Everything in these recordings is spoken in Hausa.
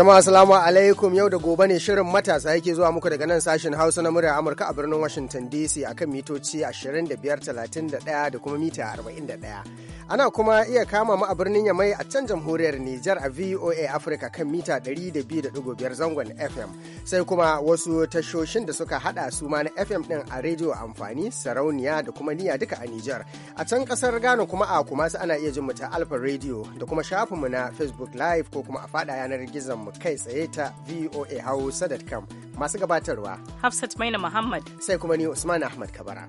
Jama'a asalamu alaikum yau da gobe ne shirin matasa yake zuwa muku daga nan sashen Hausa na murya Amurka a birnin Washington DC akan mitoci 2531 da kuma mita 41. Ana kuma iya kama mu a birnin Yamai a can jamhuriyar Nijar a VOA Africa kan mita 102.5 zangon FM sai kuma wasu tashoshin da suka hada su ma na FM din a rediyo amfani sarauniya da kuma niya duka a Nijar. A can kasar Ghana kuma a kuma ana iya jin mu ta Alpha Radio da kuma shafinmu na Facebook Live ko kuma a fada yanar gizon mu kai tsaye ta voa hausa.com masu gabatarwa hafsat maina muhammad sai kuma ni usman ahmad kabara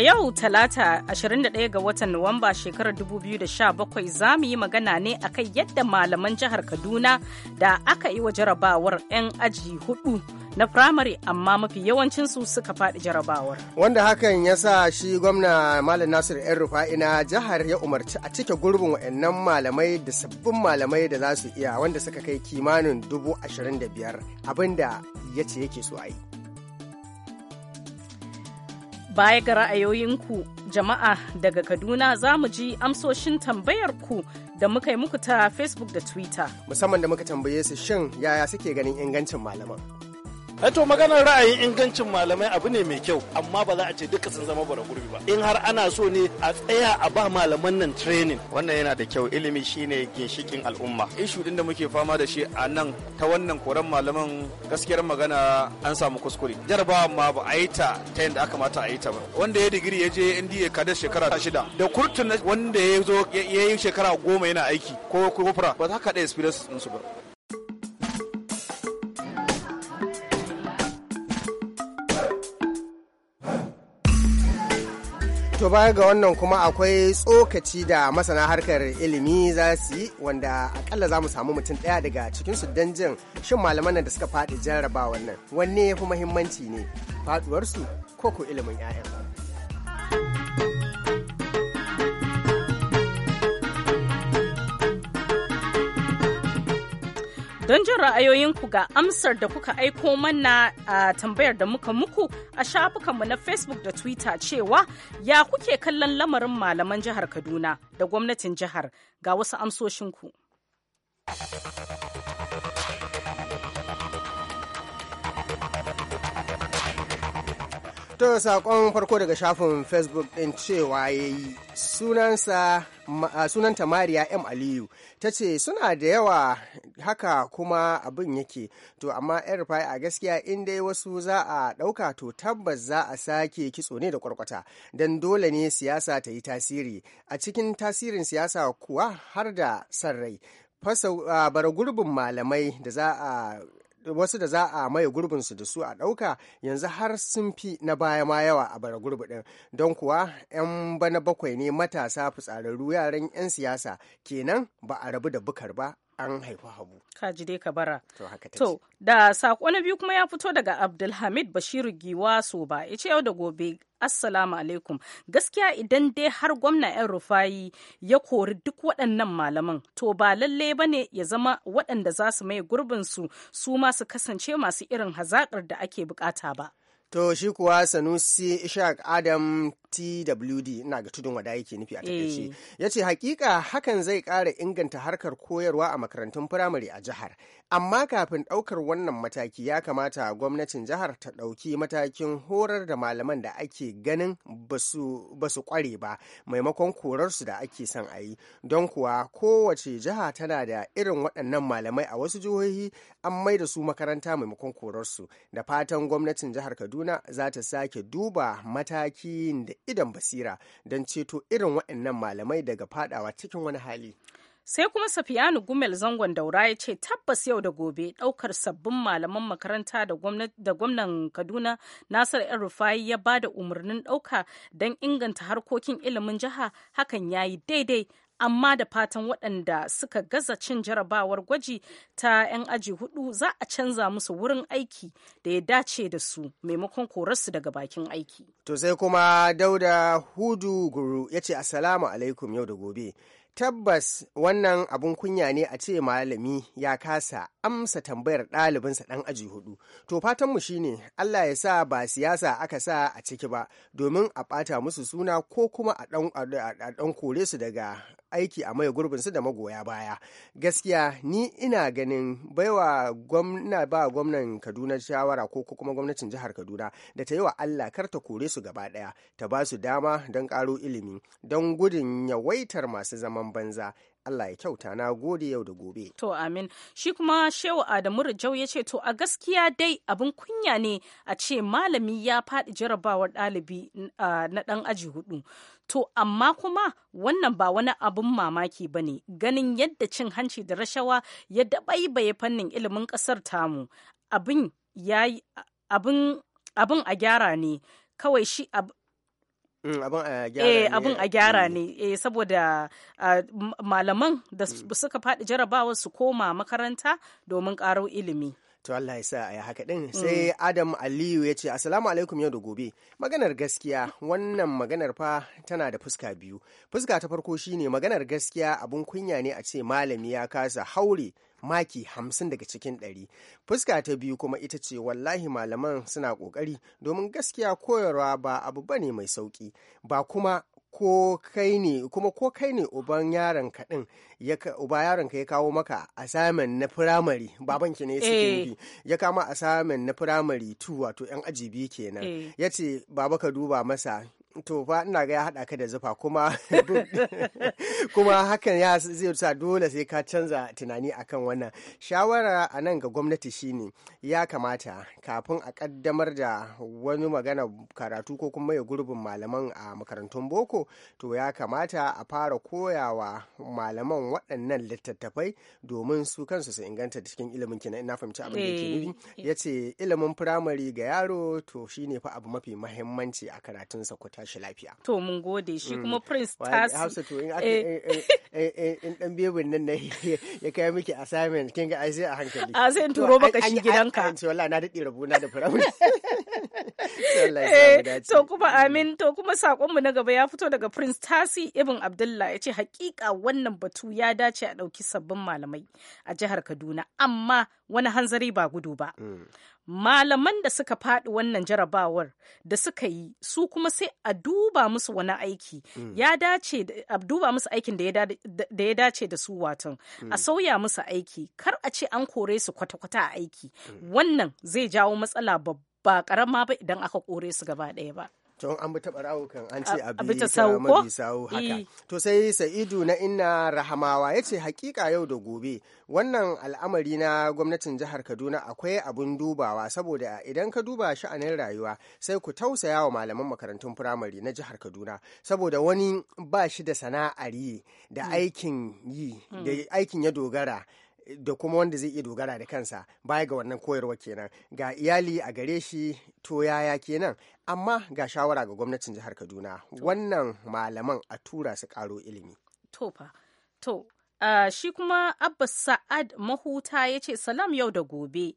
A yau Talata 21 ga watan Nuwamba shekarar 2017 za mu yi magana ne akan yadda malaman jihar Kaduna da aka yi wa jarabawar 'yan aji hudu na firamare amma mafi yawancinsu suka faɗi jarabawar. Wanda hakan ya sa shi gwamna Malam Nasir 'yan rufa'i na jihar ya umarci a cike gurbin wa'annan malamai da sabbin malamai da za su iya wanda suka kai kimanin dubu abinda ya ce yake so a Baya ga ra'ayoyinku jama'a daga Kaduna za mu ji amsoshin tambayar ku da muka yi muku ta Facebook da Twitter. Musamman da muka tambaye su shin yaya suke ganin ingancin malaman. Eh, to maganar ra'ayin ingancin malamai abu ne mai kyau amma ba za a ce duka sun zama bara gurbi ba in har ana so ne a tsaya a ba malaman nan training wannan yana da kyau ilimi shine ginshikin al'umma ishu din da muke fama da shi a nan ta wannan koran malaman gaskiyar magana an samu kuskure jarabawa ma ba a yi ta ta yadda aka mata a yi ta ba wanda ya digiri ya je NDA kadar shekara shida da kurtun wanda ya zo ya yi shekara goma yana aiki ko kofura ba za ka da experience ɗinsu ba To baya ga wannan kuma akwai tsokaci da masana harkar ilimi za su yi wanda akalla za mu samu mutum ɗaya daga cikin su don jin shin malaman nan da suka faɗi jarraba wannan wanne ya fi muhimmanci ne faɗuwarsu ko ko ilimin 'ya'yan. Don jin ra'ayoyinku ga amsar da kuka aiko mana a tambayar da muka muku a shafukanmu na Facebook da Twitter cewa ya kuke kallon lamarin malaman jihar Kaduna da gwamnatin jihar ga wasu amsoshinku. To saƙon farko daga shafin Facebook ɗin cewa ya yi sunanta Mariya M. Aliyu ta ce suna da yawa haka kuma abin yake to amma yan a gaskiya in dai wasu za a ɗauka to tabbas za a sake kitso ne da kwarkwata don dole ne siyasa ta yi tasiri a cikin tasirin siyasa kuwa har da san rai fasa bara gurbin malamai da za a wasu da za a maye gurbinsu da su a ɗauka yanzu har sun fi na baya ma yawa a bara gurbi ɗin don kuwa 'yan bana bakwai ne matasa fitsararru yaran 'yan siyasa kenan ba a rabu da bukar ba an haifi habu kaji dai ka bara to haka to da sako na biyu kuma ya fito daga abdulhamid bashiru giwa ba ya ce yau da gobe assalamu alaikum gaskiya idan dai har gwamna yan rufayi ya kori duk waɗannan malaman to ba lalle ba ne ya zama waɗanda za su mai gurbin su su ma su kasance masu irin hazaƙar da ake bukata ba To shi kuwa Sanusi ishak Adam TWD ina ga tudun wada yake nufi a takaice eh. ya ce hakika hakan zai ƙara inganta harkar koyarwa a makarantun firamare a jihar amma kafin ɗaukar wannan mataki ya kamata gwamnatin jihar ta ɗauki matakin horar da malaman da ake ganin ba su ƙware ba maimakon korarsu da ake son a yi don kuwa kowace jiha tana da irin waɗannan malamai a wasu jihohi an mai da su makaranta maimakon korarsu da fatan gwamnatin jihar kaduna za ta sake duba matakin da idan basira don ceto irin waɗannan malamai daga fadawa cikin wani hali. sai kuma safiyanu gumel zangon daura ya ce tabbas yau da gobe ɗaukar sabbin malaman makaranta da gwamnan kaduna nasar yan rufai ya ba da umarnin ɗauka don inganta harkokin ilimin jiha hakan ya yi daidai amma da fatan waɗanda suka gaza cin jarabawar gwaji ta 'yan aji hudu za a canza musu wurin aiki da ya dace da su maimakon korarsu daga bakin aiki. To sai kuma Dauda Hudu Guru ya ce asalamu alaikum yau da gobe. tabbas wannan abun kunya ne a ce malami ya kasa amsa tambayar ɗalibinsa ɗan aji hudu to fatanmu shine allah ya sa ba siyasa aka sa a ciki ba domin a ɓata musu suna ko kuma a ɗan kore su daga aiki a mai gurbinsu da magoya baya gaskiya ni ina ganin baiwa gwamna ba gwamnan kaduna shawara ko kuma gwamnatin jihar kaduna da ta yi wa allah kar ta kore su gaba ɗaya ta ba su dama don ƙaro ilimi don gudun yawaitar masu zama zaman banza Allah ya kyauta na gode yau da gobe. To amin. Shi kuma Shehu Adamu Rajau ya ce to a gaskiya dai abin kunya ne a ce malami ya faɗi jarabawar ɗalibi na ɗan aji hudu. To amma kuma wannan ba wani abin mamaki ba ne ganin yadda cin hanci da rashawa ya dabaibaye fannin ilimin ƙasar tamu. Abin ya abin abin a gyara ne kawai shi Mm, abin a gyara eh, ne mm. eh, saboda malaman da mm. suka faɗi jarabawa su koma makaranta domin ƙaro ilimi to Allah ya sa a yi haka din sai Adam Aliyu ya ce assalamu alaikum yau da gobe maganar gaskiya wannan maganar fa tana da fuska biyu fuska ta farko shine maganar gaskiya abin kunya ne a ce malami ya kasa haure maki hamsin daga cikin ɗari fuska ta biyu kuma ita ce wallahi malaman suna ƙoƙari domin gaskiya koyarwa ba abu bane mai sauƙi ba kuma ko kai ne kuma ko kai ne uban yaron ka din uba yaron ka ya kawo maka assignment na firamare baban ki ne ya secondary eh. ya kama assignment na firamare 2 wato yan aji biyu kenan eh. yace baba ka duba masa to fa ina ga ya haɗa ka da zufa kuma kuma hakan ya zai sa dole sai ka canza tunani akan wannan shawara a nan ga gwamnati shine ya kamata kafin a kaddamar da wani magana karatu ko kuma ya gurbin malaman a makarantun boko to ya kamata a fara koyawa malaman waɗannan littattafai domin su kansu su inganta cikin ilimin kina ina fahimci abin da ke eh, nufi eh. ya ce ilimin firamare ga yaro to shine fa abu mafi mahimmanci a karatunsa ku tashi shi lafiya. To mun gode shi mm. kuma Prince Tasi. Hausa to eh. in in dan bebin nan ya kai miki assignment kin ga ai sai a hankali. A ah, sai in turo baka shi gidanka. An ce wallahi na dade na da firawun. Eh, to kuma amin to kuma sakon mu na gaba ya fito daga Prince Tasi Ibn Abdullah ya ce hakika wannan batu ya dace a dauki sabbin malamai a jihar Kaduna amma wani hanzari ba gudu ba. Mm. malaman da suka faɗi wannan jarabawar da suka yi su kuma sai a duba musu wani aiki mm. ya dace a duba musu aikin da ya dace da su watan a mm. sauya musu aiki kar a ce an kore su kwata-kwata a aiki mm. wannan zai jawo matsala babba karama ba idan aka kore su gaba ɗaya ba Tun an bi taɓa rawukan an ce a bi ta sawu haka eh. to sai sa'idu na inna rahamawa ya ce hakika yau da gobe wannan al'amari na gwamnatin jihar kaduna akwai abun dubawa saboda idan ka duba sha'anin rayuwa sai ku tausaya wa malaman makarantun firamare na jihar kaduna saboda wani ba shi da sana'ar yi da mm. aikin yi da mm. aikin ya dogara da kuma wanda zai iya dogara da kansa baya ga wannan koyarwa kenan ga iyali a gare shi to yaya kenan amma ga shawara ga gwamnatin jihar kaduna wannan malaman a tura su karo ilimi to fa to shi kuma abba sa'ad mahuta ya ce salam yau da gobe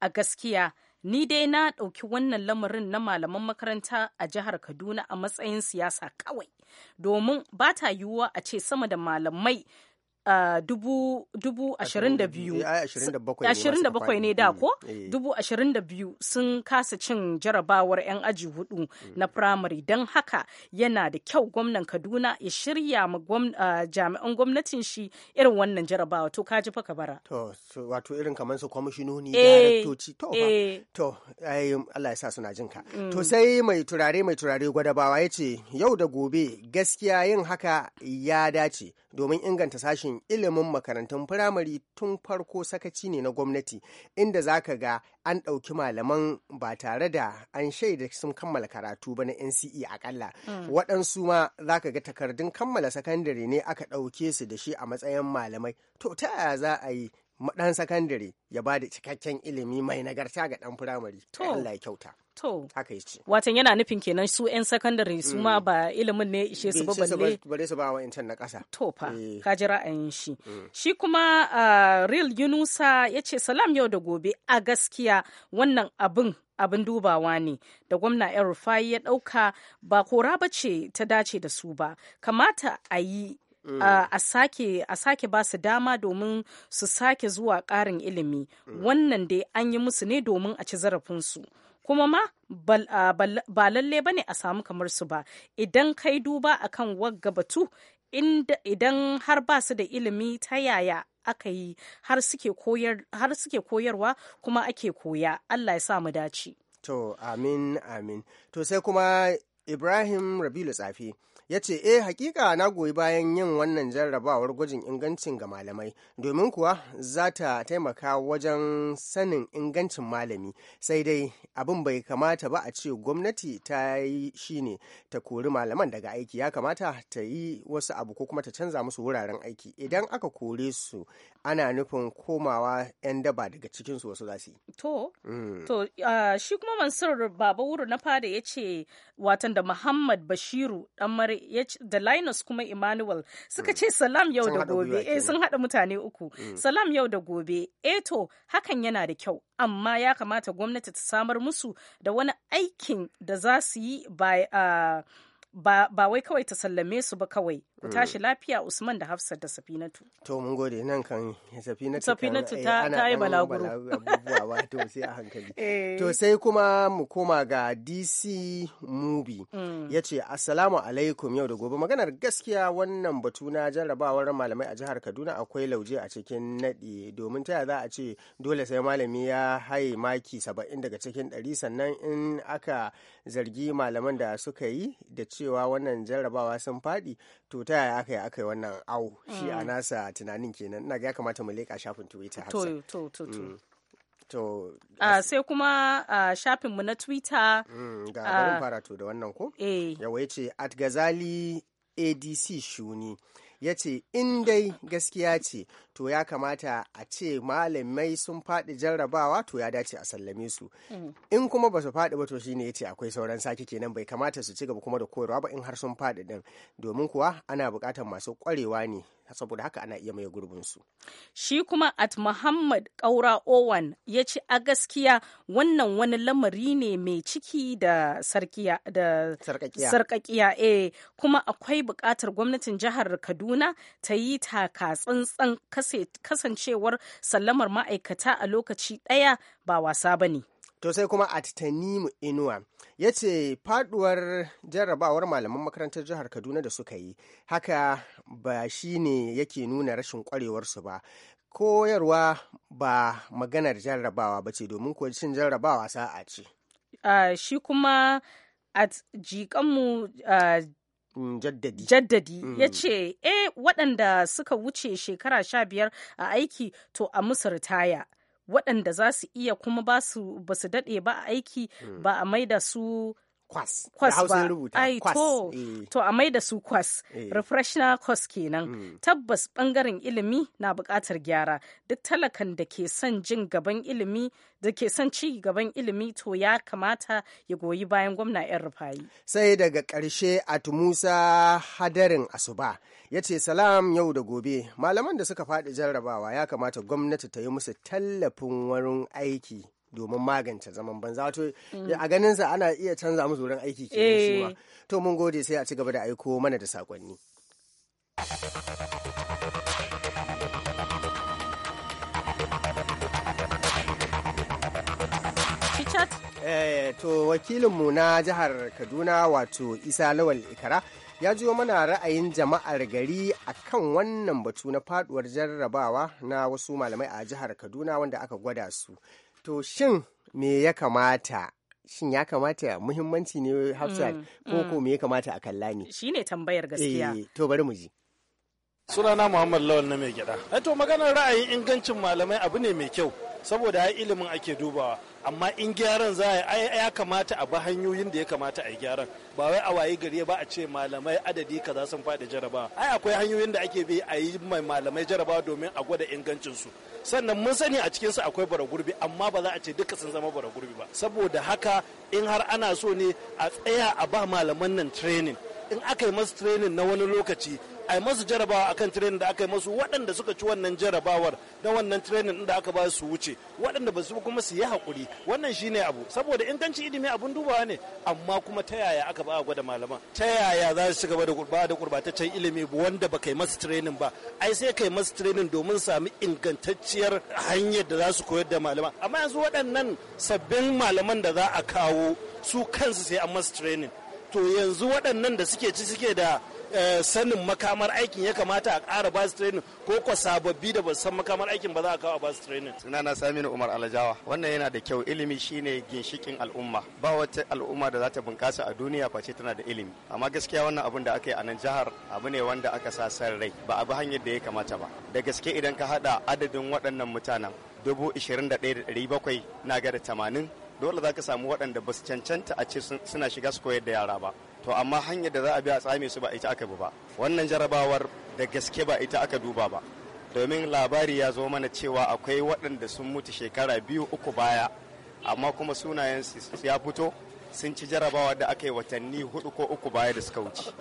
a gaskiya ni dai na ɗauki wannan lamarin na malaman makaranta a jihar kaduna a matsayin siyasa kawai domin ba ta yiwuwa a ce sama da malamai Ah, dubu ashirin da biyu eh, bakwai ne da mm, ko eh. biyu sun kasa cin jarabawar 'yan aji hudu mm. na firamare don haka yana da kyau gwamnan kaduna ya shirya ma ah, jami'an gwamnatin shi irin wannan jarabawa to kaji fa ka bara to wato irin kamar su kwamishinoni eh, daraktoci to to Allah ya sa suna jinka mm. to sai mai turare mai turare gwadabawa ya ce yau da gobe gaskiya yin haka ya dace domin inganta sashen aikin ilimin makarantun firamare tun farko sakaci ne na gwamnati inda za ka ga an ɗauki malaman ba tare da an shaida sun kammala karatu ba na nce akalla hmm. waɗansu ma za ka ga takardun kammala sakandare ne aka ɗauke su da shi a matsayin malamai to ta yaya za a yi ɗan sakandare ya ba da cikakken ilimi mai nagarta ga ɗan firamare to Allah ya kyauta to haka yace watan yana nufin kenan su yan sakandare su ma mm. ba ilimin ne ishe su ba balle bare su ba wa na ƙasa to fa eh. ka ji ra'ayin shi mm. shi kuma ah, real yunusa yace salam yau da gobe a gaskiya wannan abin abin dubawa ne da gwamna yan rufai ya ɗauka ba kora ba ce ta dace da su ba kamata a yi Mm. Ah, a sake a ba su dama domin su sake zuwa ƙarin ilimi mm. wannan dai an yi musu ne domin a ci zarafinsu kuma ma ah, ba lalle ba ne a samu kamar su ba idan kai duba akan wagga batu idan har ba su da ilimi ta yaya aka yi har suke koyarwa kuma ake koya allah ya sa mu dace to amin amin to sai kuma ibrahim rabilu tsafi ya ce eh hakika na goyi bayan yin wannan jarrabawar gwajin ingancin ga malamai domin kuwa za ta taimaka wajen sanin ingancin malami sai dai abin bai kamata ba a ce gwamnati ta yi shi ne ta kori malaman daga aiki ya kamata ta yi wasu abu ko kuma ta canza musu wuraren aiki idan aka kore su ana nufin komawa 'yan daba daga su wasu za yi. To, mm. to shi kuma Mansur Baba Wuru na fada ya ce watan da Muhammad Bashiru Damar da Linus kuma Emmanuel suka mm. ce salam yau da gobe, eh sun haɗa mutane uku, mm. salam yau da gobe, eh to hakan yana da kyau, amma ya kamata gwamnati ta samar musu da wani aikin da za su yi ba wai kawai ta sallame su ba kawai. ku mm. tashi lafiya usman da hafsat da safinatu to mun gode nan kan safinatu safinatu ta ta yi balaguro abubuwa to sai a hankali eh. to sai kuma mu koma ga dc mubi mm. yace assalamu alaikum yau da gobe maganar gaskiya wannan batu na jarrabawar malamai a jihar kaduna akwai lauje a cikin naɗi domin ta za a ce dole sai malami ya haye maki saba'in daga cikin ɗari sannan in aka zargi malaman da suka yi da cewa wannan jarrabawa sun faɗi to ta yaya aka yi aka yi wannan au shi a mm. nasa tunanin kenan ina ya kamata mu leƙa shafin twitter to to to to mm. ah, sai kuma ah, shafin mu na twitter mm, ga barin ah. fara to da wannan ko eh. yawa ya ce at gazali adc shuni ya ce in dai gaskiya ce to ya kamata a ce malamai sun faɗi jarrabawa to ya dace a sallame su mm. in kuma ba su faɗi ba to shine ya ce akwai sauran sake kenan bai kamata su ci gaba kuma da koyarwa ba in har sun faɗi din domin kuwa ana buƙatar masu ƙwarewa ne saboda haka ana iya mai su Shi kuma at Muhammad Kaura Owan ya ci a gaskiya wannan wani lamari ne mai ciki da sarkakiya eh. kuma akwai buƙatar gwamnatin jihar Kaduna ta yi taka tsantsan kasancewar sallamar ma'aikata a lokaci ɗaya ba wasa ba ne. To sai kuma a Tanimu Inuwa ya ce faduwar jarrabawar malaman makarantar jihar Kaduna da suka yi haka ba shi ne yake nuna rashin kwarewarsu ba. Koyarwa ba maganar jarrabawa ba ce domin kuwa cin jarrabawa sa'a ce. shi kuma at jikanmu uh, Mm, jaddadi jaddadi mm. ya ce eh waɗanda suka wuce shekara sha biyar a aiki to a musu ritaya waɗanda za su iya kuma ba su daɗe ba a aiki mm. ba a maida su kwas kwas ba ai to eh. to a mai da su kwas eh. refreshna kwas kenan hmm. tabbas bangaren ilimi na buƙatar gyara duk talakan da ke son jin gaban ilimi da ke son ci gaban ilimi to ya kamata ya goyi bayan gwamna yan rufayi sai daga ƙarshe a tumusa hadarin asuba ya ce salam yau da gobe malaman da suka faɗi jarrabawa ya kamata gwamnati ta yi musu tallafin wurin aiki domin magance zaman banza wato mm. a ganin sa ana iya canza musu wurin aiki ke eh. to mun gode sai a ci gaba da aiko mana da sakonni eh, to wakilinmu na jihar kaduna wato isa lawal ikara ya jiyo mana ra'ayin jama'ar gari a kan wannan batu na faduwar jarrabawa na wasu malamai a jihar kaduna wanda aka gwada su to shin me ya kamata shin ya kamata muhimmanci ne hafsat mm, ko mm. ko me ya kamata a kalla ne ne tambayar gaskiya eh, to bari mu ji sunana muhammad lawal na mai gida eh, to maganar ra'ayin ingancin malamai abu ne mai kyau saboda ya ilimin ake dubawa amma in gyaran za a yi ya kamata a ba hanyoyin da ya kamata a yi gyaran ba wai a wayi gari ba a ce malamai adadi kaza sun faɗi jarabawa. ai akwai hanyoyin da ake bi a yi mai malamai jaraba domin a gwada ingancin su sannan mun sani a cikinsu akwai bara gurbi amma ba za a ce duka sun zama bara gurbi ba saboda haka in har ana so ne a tsaya a ba malaman nan training in aka yi masu training na wani lokaci a masu jarabawa akan training da aka yi masu waɗanda suka ci wannan jarabawar da wannan training da aka ba su wuce waɗanda ba su kuma su yi hakuri wannan shine abu saboda ingancin ilimi abun dubawa ne amma kuma ta yaya aka ba gwada malaman ta yaya za su gaba da gurba da gurbataccen ilimi wanda ba kai masu training ba ai sai kai masu training domin sami ingantacciyar hanyar da za su koyar da malama amma yanzu waɗannan sabbin malaman da za a kawo su kansu sai an masu training to yanzu waɗannan da suke ci suke da Eh, sanin makamar aikin ya kamata a ƙara ba su training ko ko sababbi da ba san makamar aikin ba za a kawo a ba su training sunana Saminu Umar Alajawa wannan yana da kyau ilimi shine ginshikin al'umma ba wata al'umma da za ta bunƙasa a duniya face tana da ilimi amma gaskiya wannan abun da aka yi a nan jihar abu ne wanda aka sa san rai ba a hanyar da ya kamata ba da gaske idan ka hada adadin waɗannan mutanen dubu ishirin da ɗaya da ɗari bakwai na ga da tamanin dole za ka samu waɗanda ba su cancanta a ce suna shiga su koyar da yara ba to amma hanyar da za a bi a tsame su ba ita aka bi ba wannan jarabawar da gaske ba ita aka duba ba domin labari ya zo mana cewa akwai waɗanda sun mutu shekara biyu uku baya amma kuma sunayen ya fito sun ci jarabawa da aka yi watanni hudu ko uku baya da suka wuce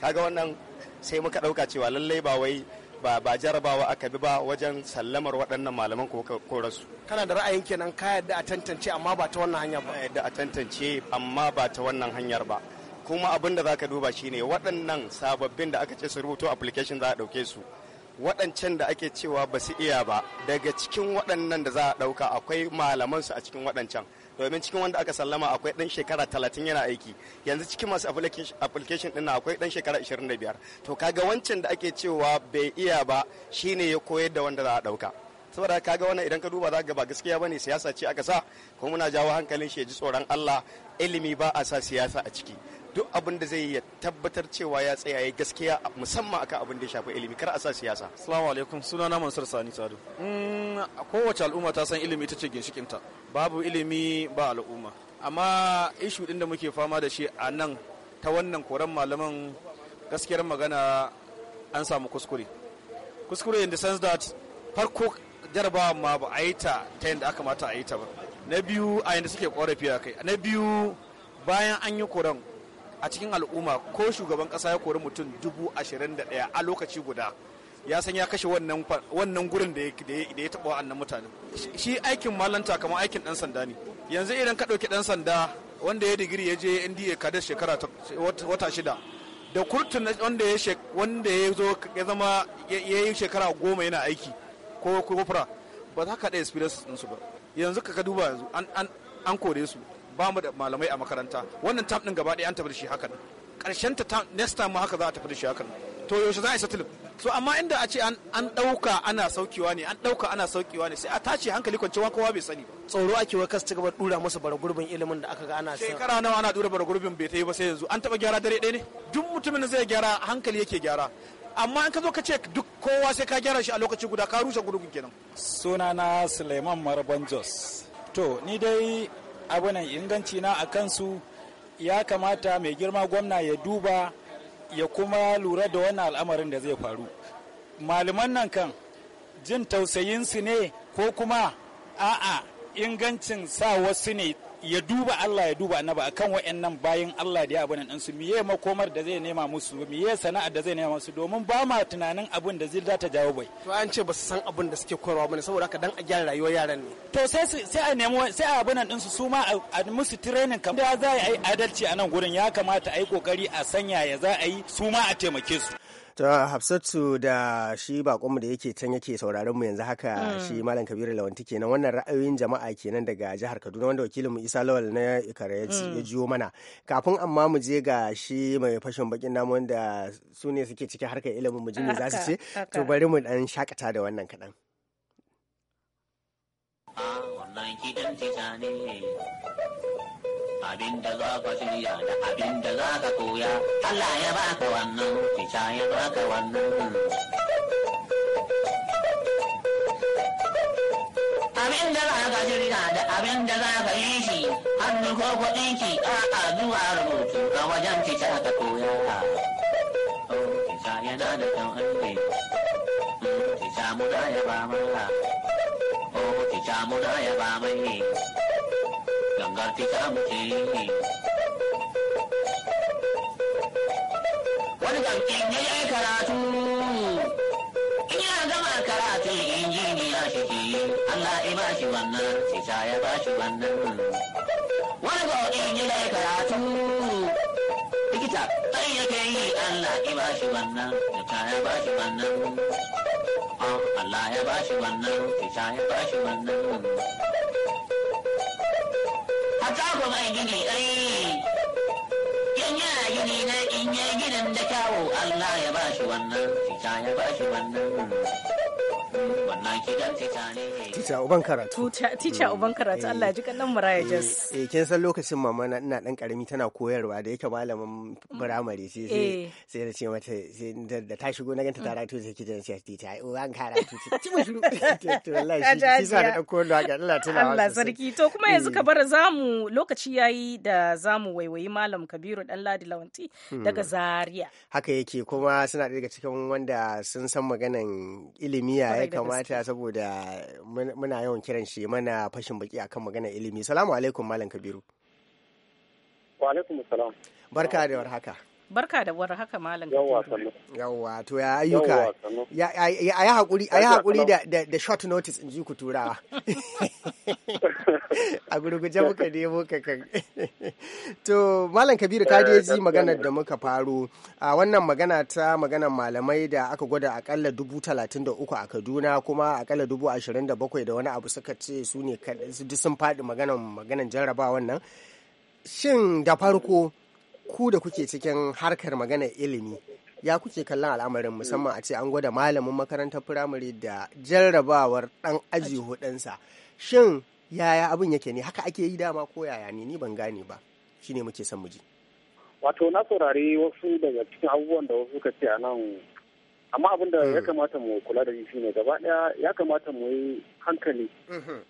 kaga wannan sai muka ɗauka cewa lallai ba wai ba ba jarabawa aka bi ba wajen sallamar waɗannan malaman korasu kana da ra'ayin kenan ka yadda a tantance amma ba ta wannan hanyar ba yadda a tantance amma ba ta wannan hanyar ba kuma abin da za ka duba ne waɗannan sababbin da aka ce su rubuto application za a ɗauke su waɗancan da ake cewa ba su iya ba daga cikin waɗannan da za a ɗauka akwai malaman su a cikin waɗancan domin cikin wanda aka sallama akwai ɗan shekara talatin yana aiki yanzu cikin masu application ɗin akwai ɗan shekara ishirin da biyar to kaga wancan da ake cewa bai iya ba shine ya koyar da wanda za a ɗauka saboda ga wannan idan ka duba za ga ba gaskiya bane siyasa ce aka sa kuma muna jawo hankalin shi ya ji tsoron Allah ilimi ba a sa siyasa a ciki duk abin da zai ya tabbatar cewa ya tsaya ya gaskiya musamman akan abin da ya shafi ilimi kar a sa siyasa assalamu alaikum sunana mansur sani sadu mm, kowace al'umma ta san ilimi ita ce ta babu ilimi ba al'umma amma ishu din da muke fama da shi a nan ta wannan koran malaman gaskiyar magana an samu kuskure kuskure in the sense that farko jarabawa ma ba a yi ta ta yadda aka mata a yi ta ba na biyu a yadda suke korafi a kai na biyu bayan an yi koran a cikin al'umma ko shugaban kasa ya kori mutum dubu ashirin da ɗaya a lokaci guda ya san ya kashe wannan gurin da ya taɓa wa'annan mutanen shi aikin malanta kamar aikin ɗan sanda ne yanzu idan ka ɗauki ɗan sanda wanda ya digiri ya je nda kadar shekara wata shida da kurtun wanda ya zo ya zama ya yi shekara goma yana aiki ko kofura ba za ka da experience ɗinsu ba yanzu ka duba yanzu an kore su ba mu da malamai a makaranta wannan tam ɗin gaba ɗaya an tafi da shi hakan ƙarshen ta next time ma haka za a tafi da shi hakan to yaushe za a yi settle so amma inda a ce an ɗauka ana saukewa ne an ɗauka ana saukewa ne sai a tace hankali kwance wa kowa bai sani tsoro ake wa kas ta gaba dura masa bara gurbin ilimin da aka ga ana shekara nawa ana dura bara gurbin bai ta yi ba sai yanzu an taba gyara dare ɗaya ne duk mutumin zai gyara hankali yake gyara amma in ka zo ka ce duk kowa sai ka gyara shi a lokaci guda ka rushe gudugun kenan sunana suleiman marban jos to ni dai abu nan inganci na a kansu ya kamata mai girma gwamna ya duba ya kuma lura da wannan al'amarin da zai faru malaman nan kan jin tausayinsu ne ko kuma a'a ingancin sa wasu ne ya duba Allah ya duba annaba akan nan bayan Allah da ya abu nan su miye makomar da zai nema musu miye sana'ar da zai nema musu domin ba ma tunanin abin da zai ta jawo bai to an ce ba su san abin da suke koyarwa bane saboda haka dan a gyara rayuwar yaran ne to sai sai a nemo sai a abu nan su su ma a musu training kamar da za a yi adalci a nan gurin ya kamata a yi kokari a sanya ya za a yi su ma a taimake su ta hafsatu da shi bakonmu da yake can yake sauraron mu yanzu haka mm. shi malam kabiru lawanti kenan wannan ra'ayoyin jama'a kenan daga jihar kaduna wanda wakilin mu isa lawal na ikara ya mm. jiyo mana kafin amma mu je ga shi mai fashin bakin namu wanda su ne suke cikin harkar ilimin mu jini za su ce to bari mu dan shakata da wannan kaɗan. Ah, abinda za ka shirya da abinda za ka koya Allah ya ba ka wannan fita ya ba ka wannan abinda za ka shirya da abinda za ka yi shi hannu ko kuɗin ki a'a zuwa rubutu a wajen fita ka koya fita oh, yana da kan aiki hmm, fita muna ya ba mana fita oh, muna ya ba mai gartika muke yi wani gamkin ya yi karatu in ya gama karatu injiniya shi ke yi Allah ya ba shi wannan sita ya ba shi wannan wani gaukin ya yi karatu likita ɗan yake yi Allah ya ba shi wannan sita ya ba shi wannan ah, Allah ya ba shi wannan sita ya ba shi wannan shago mai gini ai yan yana gini na in yi ginin da kyawu Allah ya ba shi wannan fita ya ba shi wannan wannan gidan tita ne tita uban karatu tita hmm. uban karatu Allah ji kannan Mariah eh, Jas eh kin san lokacin mama na ina dan karami tana koyarwa da yake malamin firamare sai sai da eh. ce mata da ta shigo na ganta ta mm. rato sai kidan sai tita uban karatu ci mu shiru to wallahi shi sai da dauko da ga Allah tana Allah sarki to kuma yanzu eh. ka bar zamu lokaci yayi da zamu waiwayi malam Kabiru dan Ladi Lawanti hmm. daga Zaria haka yake kuma suna daga cikin wanda sun san maganan ilimi ya ya kamata saboda muna yawan kiran shi mana fashin baki akan magana ilimi salamu alaikum malam kabiru wa alaikum salam barka da warhaka haka barka da war haka malam wa to ya ayyuka ya hakuri a hakuri da da short notice in ji ku turawa a gurguje muka ne muka kan to malam kabiru ka je eh, ji maganar da muka faro a wannan magana ta maganar malamai da aka gwada akalla dubu talatin da uku a kaduna kuma akalla dubu ashirin da bakwai da wani abu suka ce su ne sun faɗi maganar jarrabawa wannan. shin da farko ku da kuke cikin harkar magana ilimi ya kuke kallon al'amarin musamman a ce an gwada malamin makarantar firamare da jarrabawar dan aji hudunsa shin yaya abin yake ne haka ake yi dama ko yaya ne ni ban gane ba shine muke son mu ji wato na saurari wasu daga cikin abubuwan da wasu suka ce a nan amma abin da ya mm. kamata mu kula da shi ne gaba daya ya kamata mu yi hankali mm-hmm.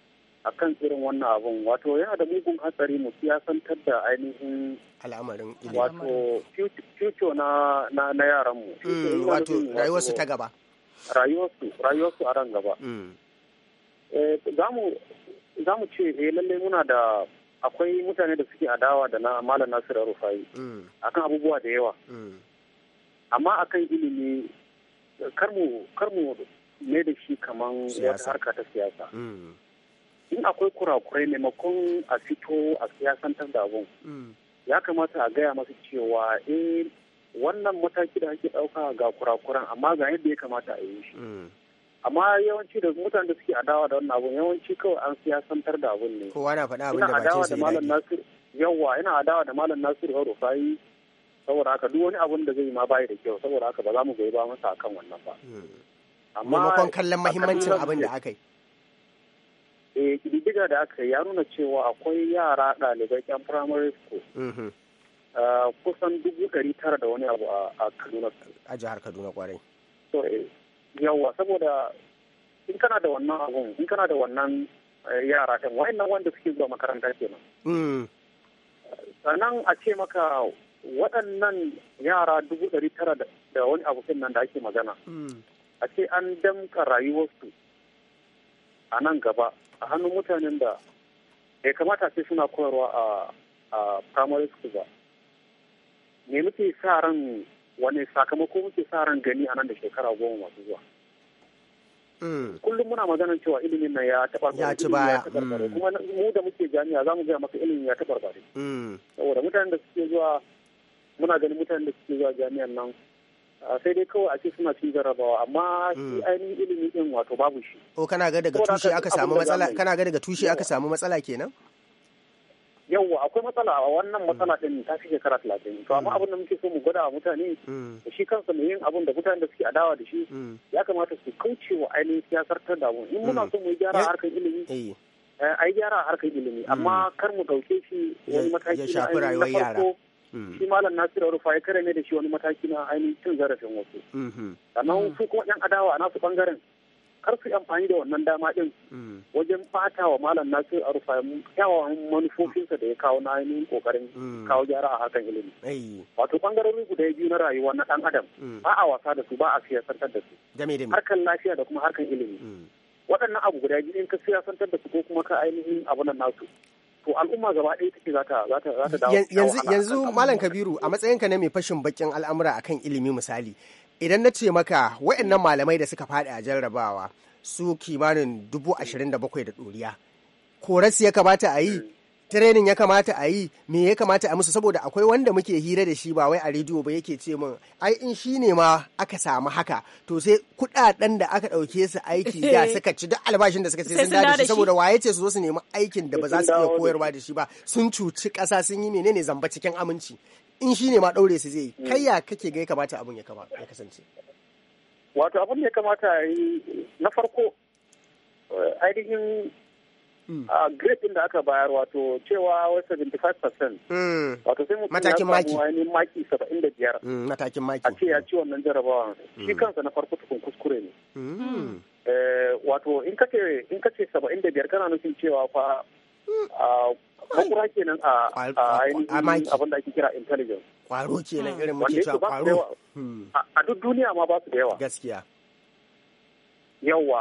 a kan irin wannan abun wato yana da mugun hatsari mu siyasantar da ainihin al'amarin ilimi wato future na na, na yaranmu mm, wato rayuwarsu ta gaba rayuwarsu rayuwarsu a ran gaba mm. eh, za mu ce eh lalle muna da akwai mutane da suke adawa da na malam nasiru rufai mm. akan abubuwa da yawa amma akan ilimi kar mu ne da shi kaman wata harka ta siyasa in akwai kurakurai maimakon a fito a siyasantar da abun ya kamata a gaya masu cewa eh wannan mataki da ake ɗauka ga kurakuran amma ga yadda ya kamata a yi shi hmm. amma yawanci da mutane da suke adawa da wannan abun yawanci kawai an siya santar da abun ne kowa na faɗa abin da ba ce malam nasir yawa ina adawa da malam nasir haro fayi saboda haka duk wani abun da zai ma bayi da kyau saboda haka ba za mu goyi ba masa akan wannan ba hmm. amma kallon mahimmancin abin da aka yi eh ƙididdiga da aka ya nuna cewa akwai yara ɗalibai yan primary school mm-hmm. ah, kusan dubu ɗari tara da wani abu a kaduna a jihar kaduna kwarai so eh, yawa saboda in kana da wannan abun in kana da wannan eh, yara ɗin wa'annan wanda suke zuwa makaranta nan mm. sannan a ce maka waɗannan yara dubu ɗari tara da wani abu nan da ake magana mm. a ce an damka rayuwarsu a nan gaba a hannun mutanen da ya kamata sai suna koyarwa a primary school ba me muke sa ran wani sakamako muke sa ran gani a nan da shekara goma masu zuwa hmm. kullum muna magana cewa ilimin nan ya taɓa ya ci baya hmm. kuma mu da muke jami'a za mu gaya maka ilimin ya taɓa bare hmm. saboda mutanen da suke zuwa muna ganin mutanen da suke zuwa jami'an nan sai dai kawai a ce suna cin jarabawa amma shi hmm. ainihin ilimi din wato babu shi oh, o kana ga daga tushe aka samu matsala kana ga daga tushe aka samu matsala kenan yawwa akwai matsala a wannan hmm. matsala din ta fi shekara talatin to amma hmm. abin da muke so mu gwada wa mutane da shi kansa mai yin abin da mutanen da suke adawa da shi ya kamata su kauce wa ainihin siyasar ta damu in muna so mu yi gyara harkar ilimi eh. Eh, a yi gyara harkar ilimi amma kar mu dauke shi wani mataki na farko Mm. shi malam nasiru rufa ya kare ne da shi wani mataki na ainihin cin zarafin wasu mm-hmm. sannan mm. su kuma yan adawa a nasu bangaren kar su amfani da wannan dama din mm. wajen fata wa malam nasiru arufa kyawawan manufofinsa da ya kawo na ainihin kokarin kawo gyara a harkar ilimi wato bangarorin guda biyu na rayuwa na dan adam ba a wasa da su ba a siyasantar da su harkar lafiya da kuma harkar ilimi waɗannan abu guda biyu in ka siyasantar da su ko kuma ka ainihin abu nasu to al'umma gaba ɗaya take za ta dawo yanzu malam kabiru a matsayinka na mai fashin bakin al'amura akan ilimi misali idan na ce maka wayannan malamai da suka faɗi a jarrabawa su kimanin dubu ashirin da bakwai da ɗoriya koras ya kamata a yi eh. training ya kamata a yi me ya kamata a musu saboda akwai wanda muke hira da shi ba wai a rediyo ba yake ce min ai in shi ne ma aka samu haka to sai kudaden da aka dauke su aiki da suka ci duk albashin da suka ce sun da shi saboda waye ce su zo su nemi aikin da ba za su iya koyarwa da shi ba sun cuci kasa sun yi menene zamba cikin aminci in shi ne ma daure su zai yi hmm. kai ya kake ga ya kamata abin ya ya kasance wato da ya kamata yi na farko eh, ainihin Mm. a ah, grade da aka bayar wato cewa wai 75% mm. wato sai mutum ya maki 75 mm, matakin maki a ce ya ci wannan jarabawa shi kansa na farko tukun kuskure ne eh, wato in kace in kace 75 kana nufin cewa fa a ah, Kwakura kenan a ainihin abin da ake kira intelligence. Kwaro kenan irin mace cewa kwaro. A duk duniya ma ba su da yawa. Gaskiya. yawa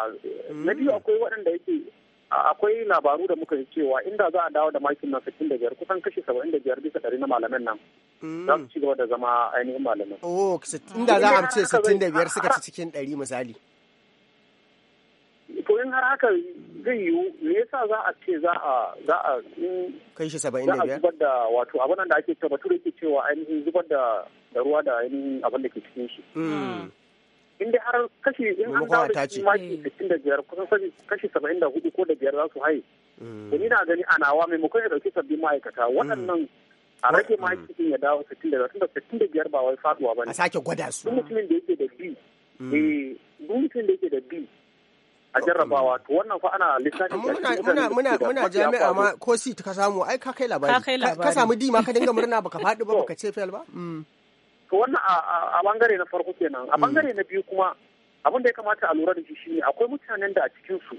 na biyu akwai waɗanda yake akwai labaru da muka yi cewa inda za a dawo da makin nan sittin da biyar kusan kashi saba'in da biyar bisa ɗari na malamin nan za su ci gaba da zama ainihin malamin. oh inda za a ce sittin da biyar suka ci cikin ɗari misali. to in har haka zai yiwu me yasa za a ce za a za a kai shi saba'in da biyar zubar da wato abin da ake cewa bature ke cewa ainihin zubar da ruwa da ainihin abin da ke cikin shi. Hmm. in dai har kashi in an dawo da shi maki eh. sittin da biyar kusan kashi saba'in da hudu ko da biyar za su haye da hmm. ni na gani a nawa maimakon ya ɗauki sabbin ma'aikata hmm. waɗannan a rage hmm. maki din ya dawo sittin da biyar sittin da biyar ba wai faduwa ba ne a sake gwada su duk mutumin da yake da b eh, duk mutumin da yake da b a jarrabawa to wannan fa ana lissafi muna muna muna jami'a ma ko si ka samu ai ka kai labari ka samu d ma ka dinga murna baka faɗi ba baka ce fail ba to wannan a bangare na farko kenan a mm. bangare na biyu kuma abin da ya kamata a lura da shi shine akwai mutanen da a cikin su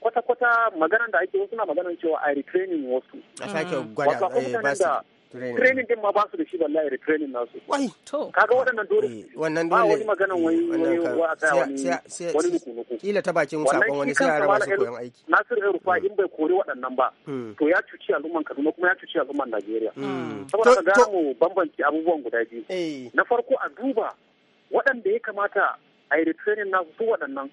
kwata-kwata maganan da ake wasu na maganan cewa a retraining wasu. A sake mm. gwada. training din ma ba su da shi wallahi da training nasu wai to kaga waɗannan dole eh, wannan dole wani magana eh, wai wai wani nuku kila ta bakin sakon wani sai ya raba su koyon aiki Nasir rufa hmm. in bai kore waɗannan ba hmm. to ya cuci al'umman Kaduna kuma ya cuci al'umman Najeriya hmm. saboda ka ga mu bambanci abubuwan guda biyu eh. na farko a duba waɗanda ya kamata a yi training nasu su waɗannan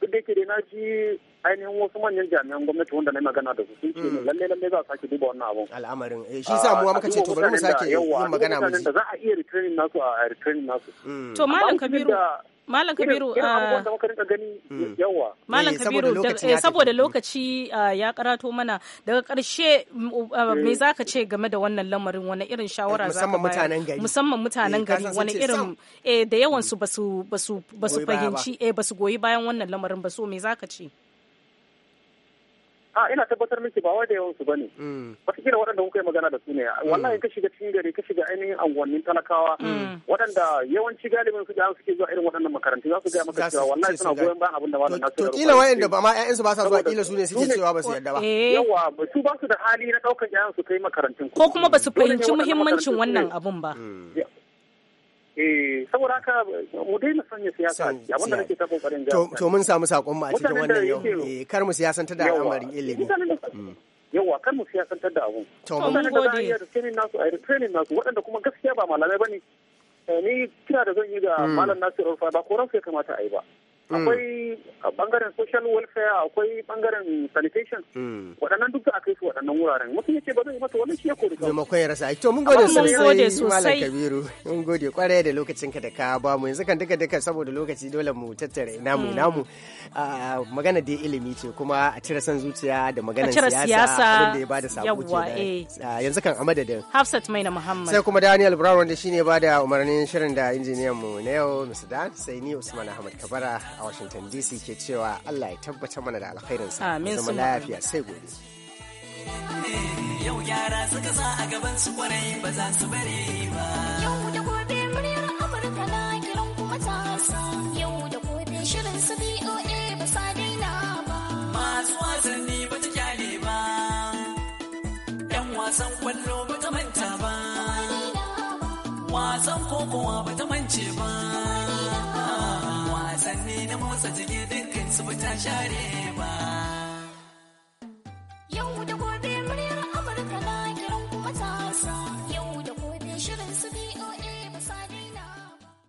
duk da yake dai na ji ainihin wasu manyan jami'an gwamnati wanda na magana da su sun ce hmm. lalle lalle za a sake duba wannan abun al'amarin eh, shi sa muwa muka ce to bari mu sake yin magana mu za a iya retraining nasu a retraining nasu hmm. to malam kabiru Malam Kabiru ah, hmm. Malam eh, Kabiru eh, saboda lokaci ah, ya karato mana daga karshe ah, eh. me ka ce game da wannan lamarin wani irin shawara za ka bayan musamman mutanen gari wani irin da yawan hmm. su basu fahimci basu goyi bayan wannan lamarin ba so me ka ce a ina tabbatar miki ba wai da yawansu ba ne mm. watakila waɗanda kuka yi magana da su ne mm. wallahi ka shiga cikin gari ka shiga ainihin anguwannin talakawa mm. waɗanda yawanci galibin su da suke zuwa irin waɗannan makarantu za su gaya maka cewa wallahi suna goyon bayan abin da ba na to kila waɗanda ba ma ƴaƴansu ba sa zuwa kila su ne suke cewa ba su yadda ba eh. yawa su ba su da hali na ɗaukar ƴaƴansu kai makarantun ko kuma ba su fahimci muhimmancin wannan abun ba Eh, saboda haka mu daina sanya siyasa a abinda nake ta kokarin jawo to mun samu sakon mu a cikin wannan yau eh kar mu siyasantar da al'amarin ilimi mm. yawa kar mu siyasantar da abu to mun gode da training nasu a training nasu waɗanda kuma gaskiya ba malamai bane eh, ni kira da zan yi ga mm. malam Nasiru Rufa ba koran sai kamata a yi ba akwai mm. bangaren social welfare akwai bangaren sanitation mm. waɗannan duk aka yi su waɗannan wuraren mutum ya ce ba zai mata wani shi ya kori kawai zama kwaya rasa to mun gode sosai malam kabiru mun gode kwarai da lokacin ka da ka ba mu yanzu kan duka duka saboda lokaci dole mu tattara ina mu ina mm. mu ah, magana dai ilimi ce kuma a cire san zuciya da magana siyasa abin da ya bada sabo ke eh. ah, yanzu kan a madadin Hafsat Maina Muhammad sai kuma Daniel Brown wanda shine bada umarnin shirin da injiniyan mu na yau Mr. Dan sai ni Usman Ahmad Kabara a Washington DC ke cewa Allah ya tabbatar mana da alkhairinsa. Amin su lafiya sai gobe. Yau yara suka sa a gaban su kwarai ba za su bari mu ta share ba